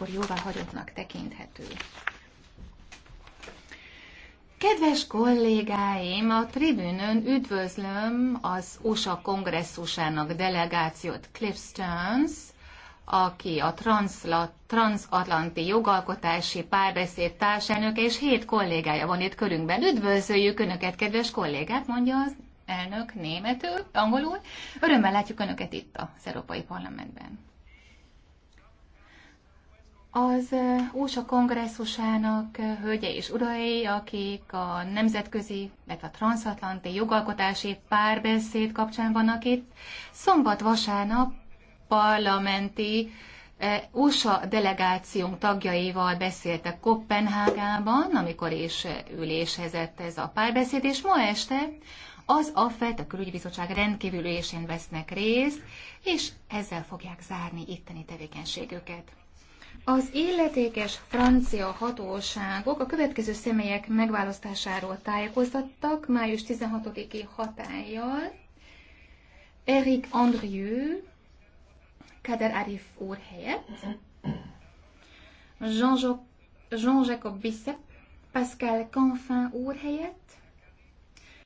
akkor jóvá hagyottnak tekinthető. Kedves kollégáim, a tribünön üdvözlöm az USA kongresszusának delegációt Cliff Stearns, aki a transatlanti jogalkotási párbeszéd társelnöke és hét kollégája van itt körünkben. Üdvözöljük Önöket, kedves kollégák, mondja az elnök németül, angolul. Örömmel látjuk Önöket itt az Európai Parlamentben. Az USA kongresszusának hölgye és urai, akik a nemzetközi, illetve a transatlanti jogalkotási párbeszéd kapcsán vannak itt, szombat-vasárnap parlamenti USA delegációnk tagjaival beszéltek Kopenhágában, amikor is ülésezett ez a párbeszéd, és ma este az AFET, a külügybizottság rendkívül ülésén vesznek részt, és ezzel fogják zárni itteni tevékenységüket. Az illetékes francia hatóságok a következő személyek megválasztásáról tájékoztattak május 16-i hatállyal. Eric Andrieu, Kader Arif úr helyett, Jean-Jacques Jean Bissep, Pascal Canfin úr helyett,